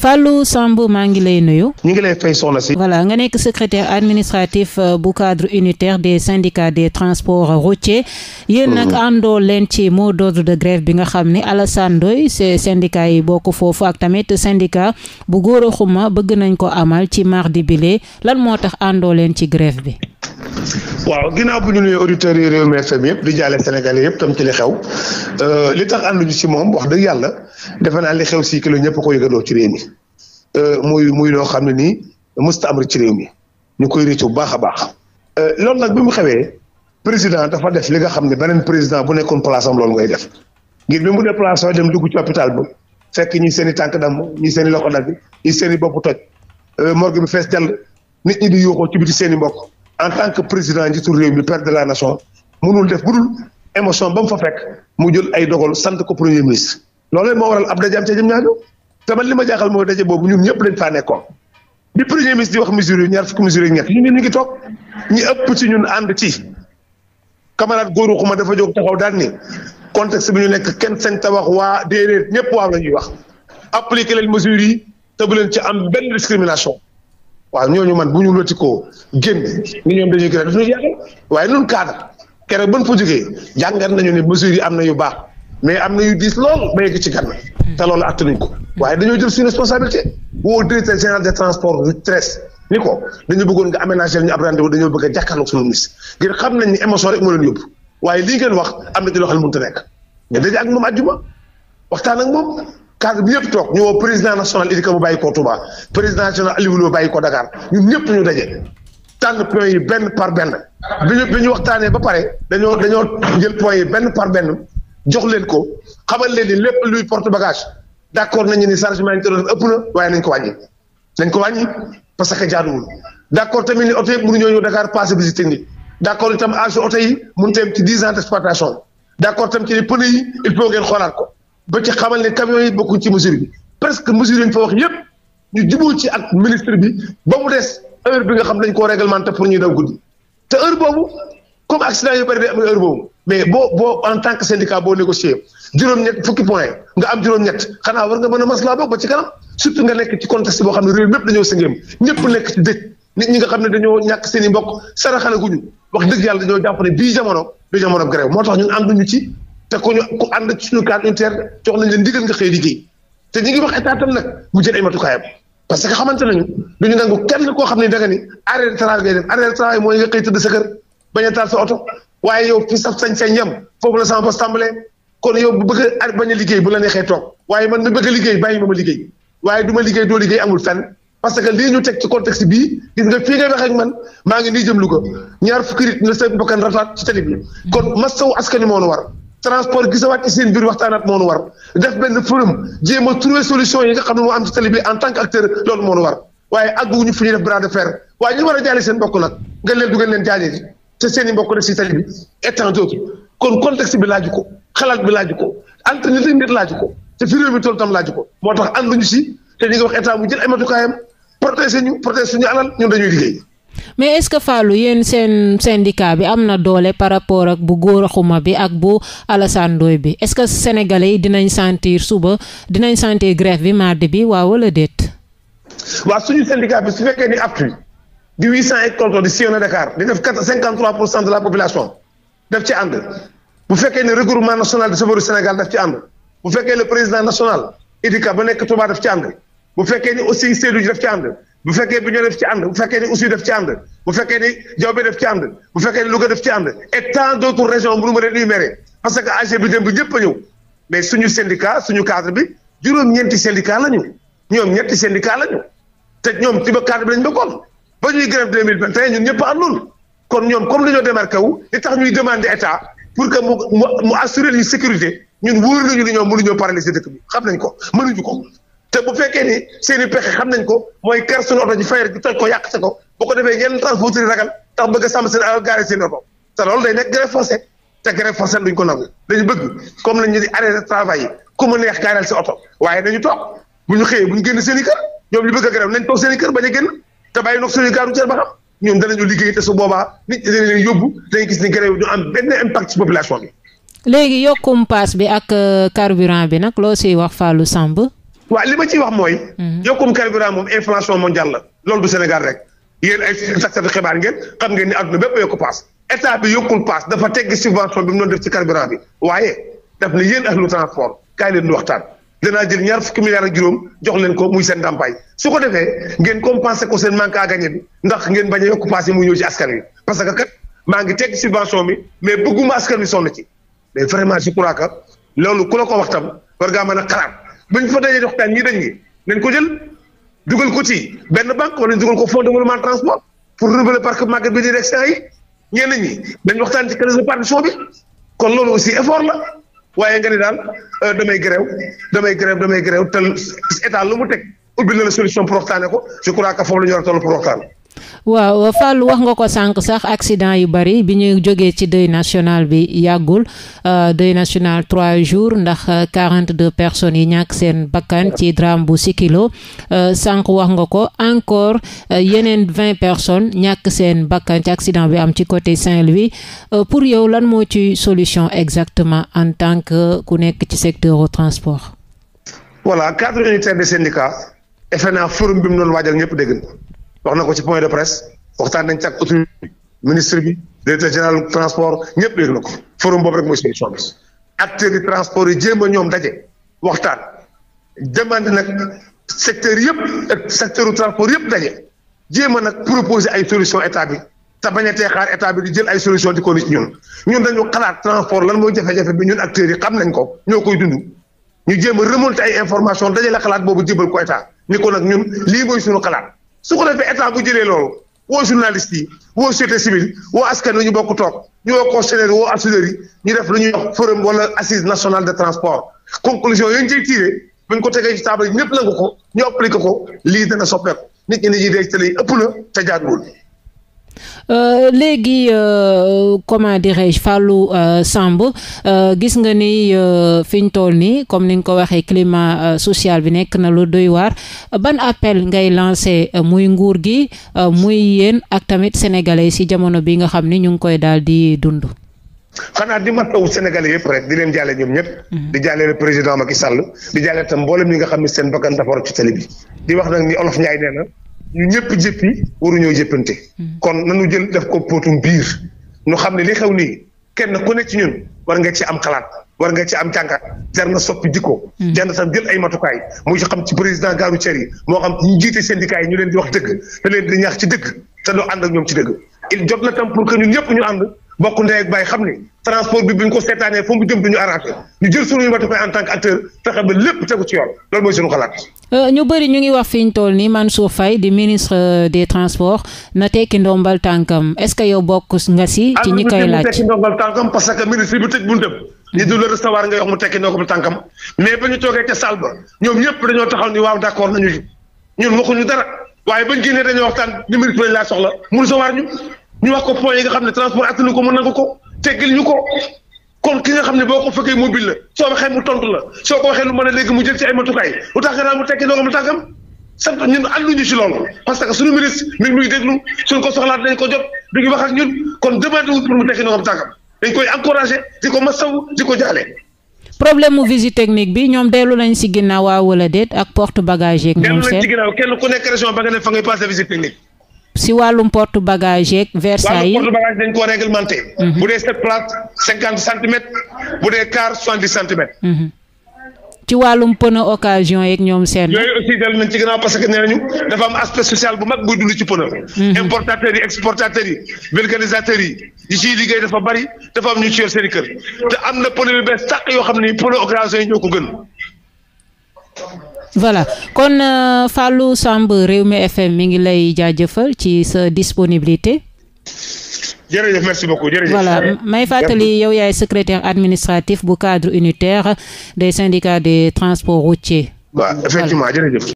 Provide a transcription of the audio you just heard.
Fallou Samb maa ngi lay nuyu. ñu ngi lay fay soxna si. voilà nga nekk secrétaire administratif euh, bu cadre unitaire des syndicats des transport routiers. yéen nag mhm. àndoo leen ci mot d'ordre de grève bi nga xam ne Alassane Ndoye c'est syndicat yi bokk foofu ak tamit syndicat bu Gora bëgg nañ ko amal ci mardi bile lan moo tax àndoo leen ci grève bi. waaw ginnaaw bu ñu nuyee auditeurs yi Rewmi FM yëpp di jaale Sénégalais yëpp tam ci li xew euh, li tax ànduñu si moom wax dëgg yàlla defe naa li xew si kilo ñëpp ko yëgandoo ci réew mi euh, muy muy loo xam ne nii mësta am ci réew mi ñu koy réccu bu baax a baax. Euh, loolu nag bi mu xewee président dafa def li nga xam ne beneen président bu nekkoon place am loolu ngay def ngir bi mu déplacé dem dugg ci hôpital ba fekk ñi seen i tànk damm ñi seen i loxo dagg ñi seen i bopp toj morgue bi fees dell nit ñi di yuuxoo ci biti seen i mbokk. en tant que président njiitu réew mi père de la nation mënul def budul émotion ba mu fa fekk mu jël ay dogol sant ko premier ministre loolee moo waral ab dajaam ca jëm ñaajo te man li ma jaaxal mooy daje boobu ñun ñëpp dañ faa nekkoon bi premier ministre di wax mesures yi ñaar fukki mesures yi ñett ñu ngi ci ñun ànd ci camarade góoru xuma dafa jóg taxaw daal ni contexte bi ñu nekk kenn sañ ta wax waa déedéet ñëpp waaw la ñuy wax appliquer leen mesures yi te bu leen ci am benn discrimination waaw ñooñu man bu ñu lëtikoo génn ni ñoom dañuy gën a def ñu yàqal waaye nun cadre keroog ban fa jógee jàngat nañu ne mesures am na yu baax mais am na yu diis lool ba yegg ci gànn hmm. te loolu attanuñ ko waaye dañoo jël suñu responsabilité woo directeur général des transports bëggoon nga aménager ñu ab rendez-vous dañoo bëgg a jàkkaarloog suñu ministre ngir xam nañ ni émotion rek moo leen yóbbu waaye lii ngeen wax am na ci loo xam ne mënut nekk nga daje ak moom àjjuma waxtaan ak moom cadre bi yëpp toog ñu woo président national Idika mu bàyyi ko Touba président national Aliou Lo ko Dakar ñun ñëpp ñu daje tànn point yi benn par benn bi ñu bi ñu waxtaanee ba jox leen ko xamal leen ni lépp luy porte bagage d' accord nañu ni chargement intérieur ëpp na waaye nañ ko wàññi nañ ko wàññi parce que jaaduwul d' accord tamit ni oto yëpp mënuñoo ñëw Dakar passé visite technique d' accord itam âge oto yi mënut a dix ans d' exploitation d' ci ni pneu il faut xoolaat ba ci xamal ne camions yi bokkuñ ci mesure bi presque mesure yi ñu fa wax yëpp ñu jubóo ci ak ministre bi ba mu des heure bi nga xam dañ koo réglementé pour ñuy daw guddi te heure boobu comme accident yu bëri day am boo boo en tant que syndicat boo négocié ñett fukki point nga am juróom-ñett xanaa war nga mën a maslaa bokk ba ci kanam surtout nga nekk ci contexte boo xam ne réew mépp dañoo sëngéem ñëpp nekk ci dëj nit ñi nga xam ne dañoo ñàkk seen mbokk saraxale guñu wax dëgg yàlla dañoo jàpp ne bii jamono du jamono grève moo tax ñun ànduñu ci te ku ñu ku ànd ci suñu cadre unitaire jox nañ leen ndigal nga xëy parce que xamante nañu duñu nangu kenn koo xam ne da nga ni arrêt de travail oto waaye yow fi sa sañ-sañ yem foofu la sama bos tàmbalee kon yow bu bëgg a a liggéey bu la neexee toog waaye man mi bëgg liggéey bàyyi ma ma liggéey waaye du ma liggéey doo liggéey amul fenn parce que lii teg ci contexte bii gis nga fii ngay wax ak man maa ngi nii jëm Louga ñaar fukki nit na sa bakkan ci tali bi mm. kon masawu askan wi moo war transport gisawaat ci seen biir waxtaanaat moo nu war def benn forum jéem a trouver solution yi nga xam ne moo am ci tali bi en tant que acteur loolu moo nu war waaye àgguwuñu fu ñuy def bras de waaye ñu war a jaale seen mbokk nag nga leen dugal leen jaajee te seen i mbokk def si tali bi et tant d'autres bi laaj ko xalaat bi laaju ko entretien bi ko te fi réew tam laaju ko moo tax ànduñu si ñu ngi wax état mu jël ay matukaayam protéger ñu protéger suñu alal ñun dañuy liggéey. mais est-ce que Fallou yéen seen syndicat bi am na doole par rapport ak bu Gora Khouma bi ak bu Alassane Ndoye bi est-ce que sénégalais yi dinañ sentir suba dinañ sentir grève bi mardi bi waaw wala déet. waaw suñu syndicat bi su fekkee ni aptu di huit cent et contre di sillonné Dakar di def quatre cinquante trois de la population daf ci ànd bu fekkee ne regroupement national de chauffeurs Sénégal daf ci ànd bu fekkee président national IDICA ba nekk Touba daf ci ànd bu fekkee ni aussi Seydou daf ci ànd. bu fekkee bi ñoo def ci ànd bu fekkee ni aussi def ci ànd bu fekkee ni Diaobé def ci ànd bu fekkee ni Louga def ci ànd et tant d' autres régions bu nu ma leen énumérer parce que AG bi dem bi ñëpp a ñëw mais suñu syndicat suñu cadre bi juróom-ñeenti syndicat la ñu ñoom ñetti syndicat la ñu te ñoom ci ba cadre bi lañ bokkoon ba ñuy grève deux mille vingt et un ñun ñëpp a àndoon kon ñoom comme dañoo démarqué wu li tax ñuy demander état pour que mu mu assurer sécurité ñun wóor nañu ne ñoom mënuñoo paralyser dëkk bi xam nañ ko mënuñu ko te bu fekkee ni seeni pexe xam nañ ko mooy ker suñu oto ji fayal gi toj ko yàq sa ko boo ko defee yenn transporteurs yi ragal tax bëgg a sàmm seen alal gaare seen oto te loolu day nekk grève forcée te grève forcée duñ ko nangu dañu bëgg comme lañu di arrêté travail yi ku mu neex gaareel sa waaye nañu toog bu ñu xëyee bu ñu génn seen i kër ñoom ñu bëgg a grève nañ toog seen i kër bañ a génn te bàyyi noog suñu gaaru cër ba xam ñoom danañu liggéey te su boobaa nit ñi dañ leen yóbbu dañu gis ni grève du am benn impact ci population bi léegi yokkum paas bi ak euh, carburant bi nag loo si wax Fallou Samb waaw li ma ciy wax mooy. Hmm. yokkum carburant moom inflation mondiale la loolu du Sénégal rek yéen ay taskatu xibaar ngeen xam ngeen ni àdduna bépp yokku paas état bi yokkul paas dafa teggi subvention bi mu doon def ci carburant bi waaye daf ne yéen ak lu transport kaay leen di waxtaan. danaa jël ñaar fukki milliards ak juróom jox ko muy seen ndàmpaay su ko defee ngeen compenser ko seen man à gagner bi ndax ngeen bañ a yokk paas yi muy ñëw ci askan wi parce que kat maa ngi teg subvention bi mais bëgguma askan wi sonn ci mais vraiment je crois que loolu ku la ko wax tam war ngaa mën a xalaat bañ fa dajee jox taan ñi dañ ñi nañ ko jël dugal ko ci benn banque wala dugal ko fonds de développement transport pour renouveler parc Maguette bi direction yi ñenn ñi dañ waxtaan ci caisse de répartition bi kon loolu aussi effort la waaye nga ni daal euh, damay grève damay grève damay grève te état lu mu teg ubbi na la solution pour waxtaane ko je crois que foofu la ñu a toll pour waxtaan waaw euh, Fall wax nga ko sànq sax accident yu bari bi ñu jógee ci deuil national bi yàggul euh, deuil national trois jours ndax euh, quarante deux personnes yi ñàkk seen bakkan ci drame bu Sikilo sànq wax nga ko encore yeneen vingt personnes ñàkk seen bakkan ci accident bi am ci côté Saint-Louis pour yow lan moo ci solution exactement en tant ku nekk ci secteur au transport. voilà cadre unitaire des syndicats. defe naa forum waajal ñëpp dégg wax na ko ci point de presse waxtaan nañ ci ak ministre bi directeur général transport ñëpp yëg na ko forum boobu rek mooy solution bi acteurs yi transport yi jéem a ñoom daje waxtaan demande nag secteur yëpp ak secteur transport daje jéem a nag proposer ay solution état bi te bañ a teexaar état bi di jël ay solution di ko ñun ñun dañu xalaat transport lan mooy jafe-jafe bi ñun acteurs yi xam nañ ko ñoo koy dund ñu jéem a remonter ay information la xalaat boobu jébal ko état ni ko nag ñun lii mooy suñu xalaat su ko defee état bu jëlee loolu woo journaliste yi woo société civile woo askan wi ñu bokk toog ñu woo concessionnaire woo assureur ñu def lu ñuy wax forum wala assise nationale de transport conclusion yooyu ñu ciy tiré bu ñu ko tegee ci table yi ñëpp nangu ko ñu appliqué ko lii dana soppeeku nit ñi dañuy dee ci télé ëpp na te jaaduwul. Euh, léegi euh, comment dirais-je Fallou euh, Samb gis nga ni fi ñu toll nii comme ni nga ko waxee climat social bi nekk na lu duy waar ban appel ngay lancé muy nguur gi muy yéen ak tamit sénégalais si jamono bi nga xam ni ñu ngi koy daal di dund. xanaa di ma taw Sénégalais yëpp rek di leen jaale ñoom ñëpp. Mhm. di jaale président Macky Sall di jaale tam mboolem ñi nga xam ne seen bakkan dafa ci tali bi di wax nag ni olof Ndiaye nee na ñu ñëpp jëppi waruñoo jëppante. Hmm. kon nañu jël def ko potum biir ñu xam ne li xew nii kenn ku ne ci ñun war nga ci am xalaat war nga ci am jàngat jar na soppi jikko. Hmm. jar na tam jël ay matukaay muy xam ci président gaaru cer yi moo xam ñu jiite syndicat yi ñu leen di wax dëgg te leen di ñax ci dëgg te doo ànd ak ñoom ci dëgg il jot na tam pour que ñun ñëpp ñu ànd. bokk ndey ak bàyyi xam ne transport bi bu ñu ko seetaanee fu mu jëm du ñu arrangé ñu jël suñuy matuwaay en tant que acteur fexe ba lépp tegu ci yoon loolu mooy suñu xalaat. Euh, ñu bëri ñu ngi wax fi ñu toll nii Mansour Faye di ministre euh, des transports na tekki ndombal tànkam est yow bokk nga si. ci ñi koy laaj parce que ministre bi tëj buntam. ni du la recevoir ngay wax mu tekki ndombal tànkam mais ba ñu toogee ca salle ba ñoom ñëpp dañoo taxaw ni waaw ñu wax ko point yi nga xam ne transport attanu ko mën na ko ko teggil ñu ko kon ki nga xam ne boo ko fekkee mobile la soo waxee mu tontu la soo ko waxee lu mën a léegi mu jël ci ay matukaay lu tax nga naan mu tekki doogam lu tàggam sant ñun ànduñu ci loolu parce suñu ministre mi ngi déglu suñ ko soxlaat dañ ko jot du ngi wax ñun kon demandé wul pour mu tekki doogam tàggam dañ koy encouragé di ko masawu di ko jaale. problème mu technique bi ñoom dellu nañ ci ginnaaw waa si wàllum porte bagage yeeg Versailles yi dañ ko réglementé. Mhm. bu dee sept places cinquante centimètres bu dee car centimètres. Mhm. ci wàllum pneu occasion yeeg ñoom seen. yooyu aussi dellu nañ ci gannaaw parce nee nañu dafa am aspect social bu mag buy dund ci pneu. Mhm. importateurs yi exportateurs yi vulgarisateurs yi yi ciy liggéey dafa bari dafa am ñu ci yor seen te am na pneu yu bees tàq yoo xam ne pneu occasion yi ñoo ko gën. voilà kon euh, Fallou Samb Rewmi FM mi ngi lay jaajëfal ci sa disponibilité. jërëjëf merci beaucoup voilà may fàttali yow yaay secrétaire administratif bu cadre unitaire des syndicats des transports routiers. waaw effectivement